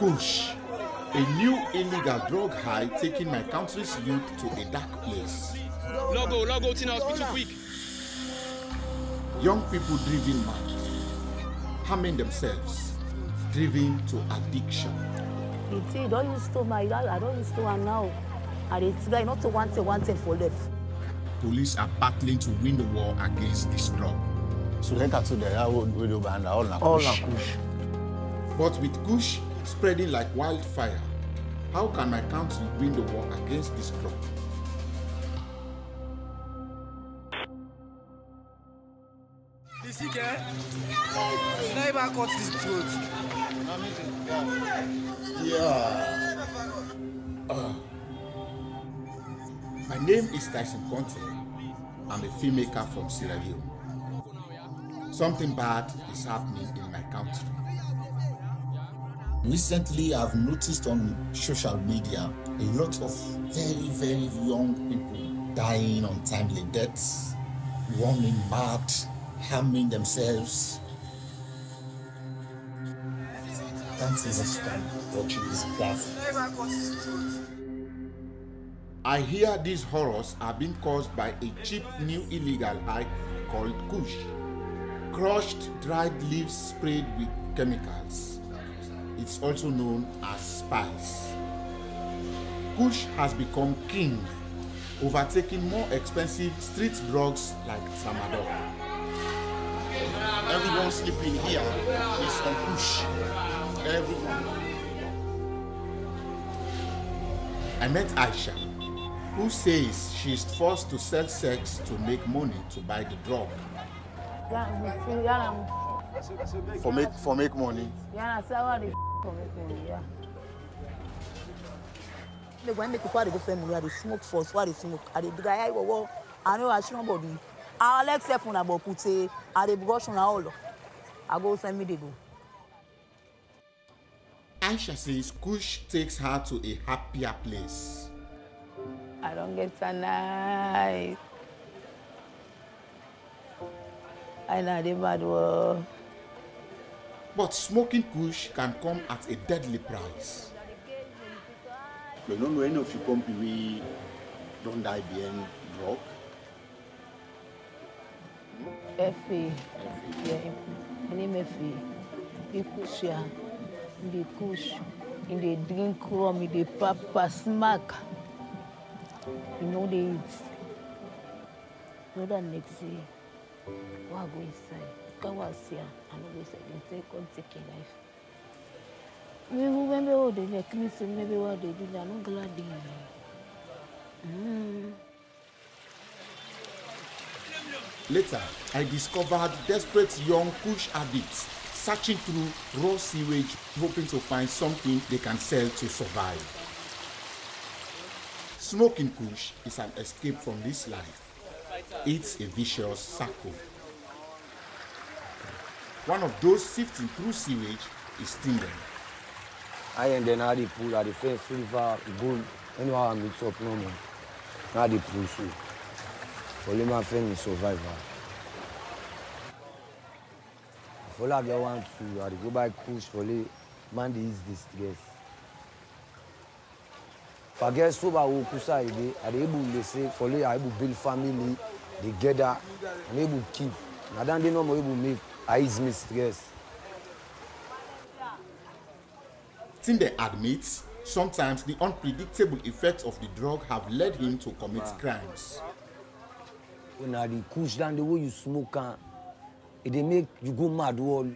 kush, a new illegal drug high taking my country's youth to a dark place. Logo, logo, Tina Hospital, quick. Young people driven mad, harming themselves, driven to addiction. Iti, don't use to my dad, I don't use to one now. And it's like not to want it, want it for life. Police are battling to win the war against this drug. So later to the road, all na kush. But with kush, spreading like wildfire. How can my country win the war against this crop? You see, Now you cut this throat. Yeah. Uh, my name is Tyson Conte. I'm a filmmaker from Sierra Leone. Something bad is happening in my country. Recently, I've noticed on social media a lot of very, very young people dying untimely deaths, running mad, harming themselves. Thanks for watching this I hear these horrors are being caused by a cheap new illegal high called kush. Crushed dried leaves sprayed with chemicals also known as spice. Kush has become king, overtaking more expensive street drugs like Tramadol. Everyone sleeping here is on Kush. Everyone. I met Aisha, who says she is forced to sell sex to make money to buy the drug. for make for make money. Yeah, sell all the Like when make people they go find me, smoke first. Why they smoke? I they big guy go I know I shouldn't body. I like self on about put I brush on all. I go send me they go. Aisha says Kush takes her to a happier place. I don't get a night. I know the bad world. But smoking kush can come at a deadly price. We don't know any of you come we don't die being drug. Efi, yeah, my name Efi. ya, the kush, in the drink rum, in the papa smack. You know they eat. So that next day, we go inside. Mm. Later, I discovered desperate young push addicts searching through raw sewage, hoping to find something they can sell to survive. Smoking kush is an escape from this life. It's a vicious circle. one of those sifting through sewage is stealing. I and then I dey pull, I dey fence silver, gold, anyhow I mix up no more. I dey pull so. my friend is survivor. Follow I get one two, I dey go buy kush for lay man dey ease distress. Forget so ba wo kusa e dey, I able to say for lay I able build family, together. gather, and able keep. Now then, they know more able make Mistress. Tinde admits sometimes the unpredictable effects of the drug have led him to commit wow. crimes. Una the kush down the way you smoke am, ah, e dey make you go mad wall.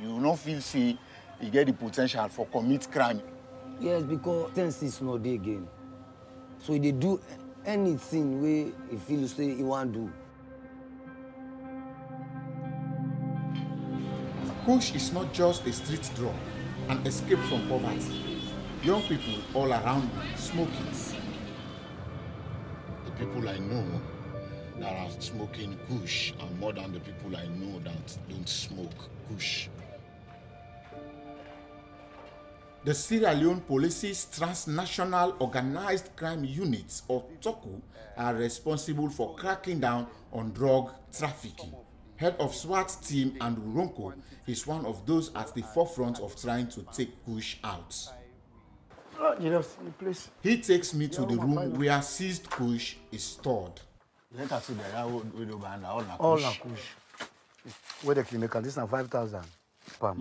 You not feel see, you get the potential for commit crime. Yes, because is not there again. So e do anything where e feel say e wan do. Kush is not just a street drug, an escape from poverty. Young people all around me smoke it. The people I know that are smoking Kush are more than the people I know that don't smoke Kush. The Sierra Leone Police's transnational organized crime units, or Toku are responsible for cracking down on drug trafficking. head of SWAT team and Ronko, is one of those at the forefront of trying to take Kush out. Oh, He takes me to the room where seized Kush is stored. All Kush. Where the clinic, this is 5,000.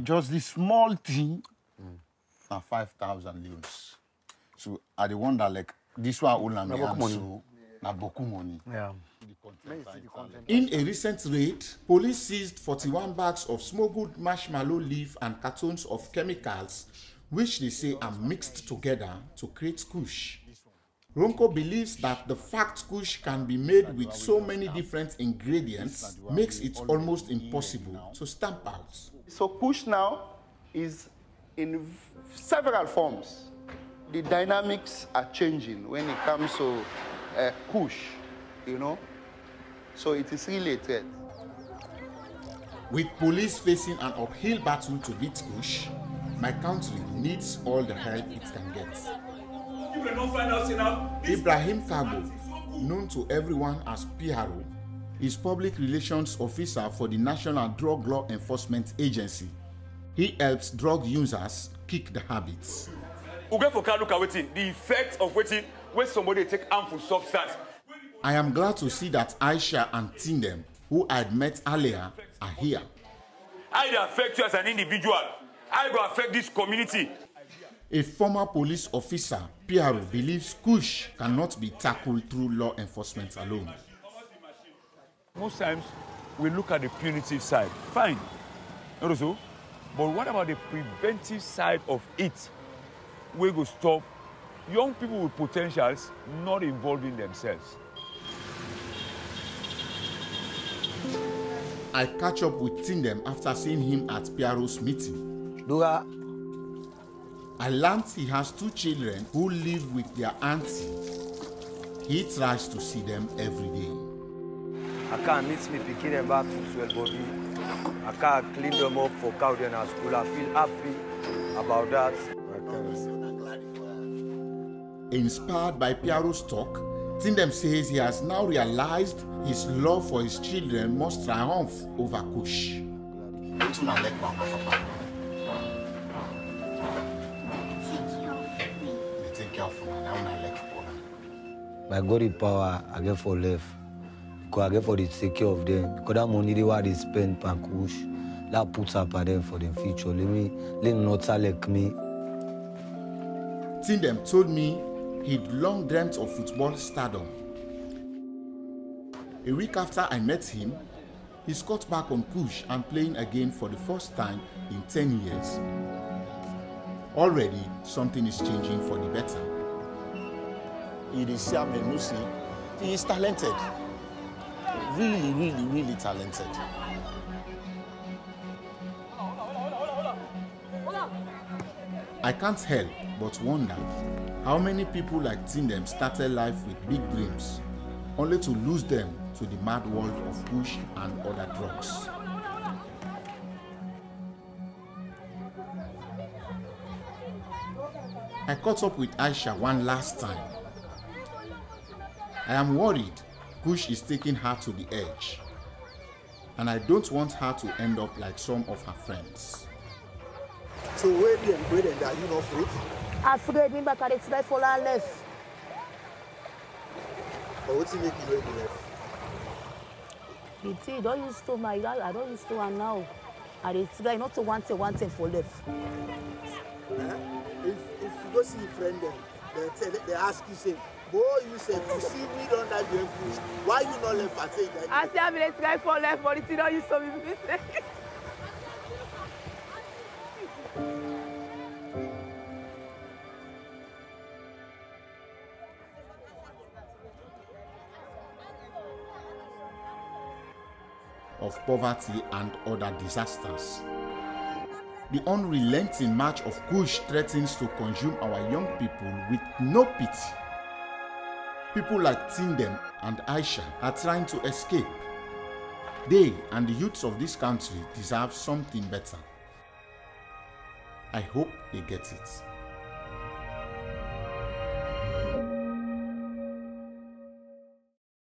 Just the small thing, mm. na 5,000 leons. So, are the one that like, this one only so, na boku money. Yeah. In a recent raid, police seized 41 bags of smuggled marshmallow leaf and cartons of chemicals, which they say are mixed together to create kush. Ronco believes that the fact kush can be made with so many different ingredients makes it almost impossible to stamp out. So kush now is in several forms. The dynamics are changing when it comes to uh, kush, you know. So it is related. With police facing an uphill battle to beat Kush, my country needs all the help it can get. Ibrahim Kago, known to everyone as PRO, is public relations officer for the National Drug Law Enforcement Agency. He helps drug users kick the habits. Uga for Kaluka waiting, the effect of waiting when somebody take harmful substance I am glad to see that Aisha and Tindem, who I had met earlier, are here. I will affect you as an individual. I will affect this community. A former police officer, Piero, believes Kush cannot be tackled through law enforcement alone. Most times, we look at the punitive side. Fine. Not But what about the preventive side of it? We go stop young people with potentials not involving themselves. I catch up with Tindem after seeing him at Piero's meeting. Dora. I learned he has two children who live with their auntie. He tries to see them every day. I can't miss me picking them back to swell body. I can't clean them up for cow then at school. I feel happy about that. Inspired by Piero's talk, Tindem says he has now realized his love for his children must triumph over Kush. By God power, I get for life. Because I get for the sake of them. Because that money they want to spend pan Kush, that puts up at them for the future. Let me, let not like me. Tindem told me He'd long dreamt of football stardom. A week after I met him, he got back on push and playing again for the first time in 10 years. Already, something is changing for the better. Idrissa Menusi, he is talented. Really, really, really talented. I can't help but wonder How many people like Tindem started life with big dreams, only to lose them to the mad world of push and other drugs? I caught up with Aisha one last time. I am worried push is taking her to the edge, and I don't want her to end up like some of her friends. So where them, where them, are you not free? afraid nígbà tá a lè ti fẹ́ fọlá left. but wetin make you no dey left. the thing don use to my i don use to am now i dey try not to want thing one thing for left. Uh-huh. if if you go see your friend dem dem tell dem ask you say boy you say you see me don't die the english why you not left at eight. i say i bin dey try for left but the thing don use to me. of poverty and other disasters. The unrelenting march of Kush threatens to consume our young people with no pity. People like Tindem and Aisha are trying to escape. They and the youths of this country deserve something better. I hope they get it.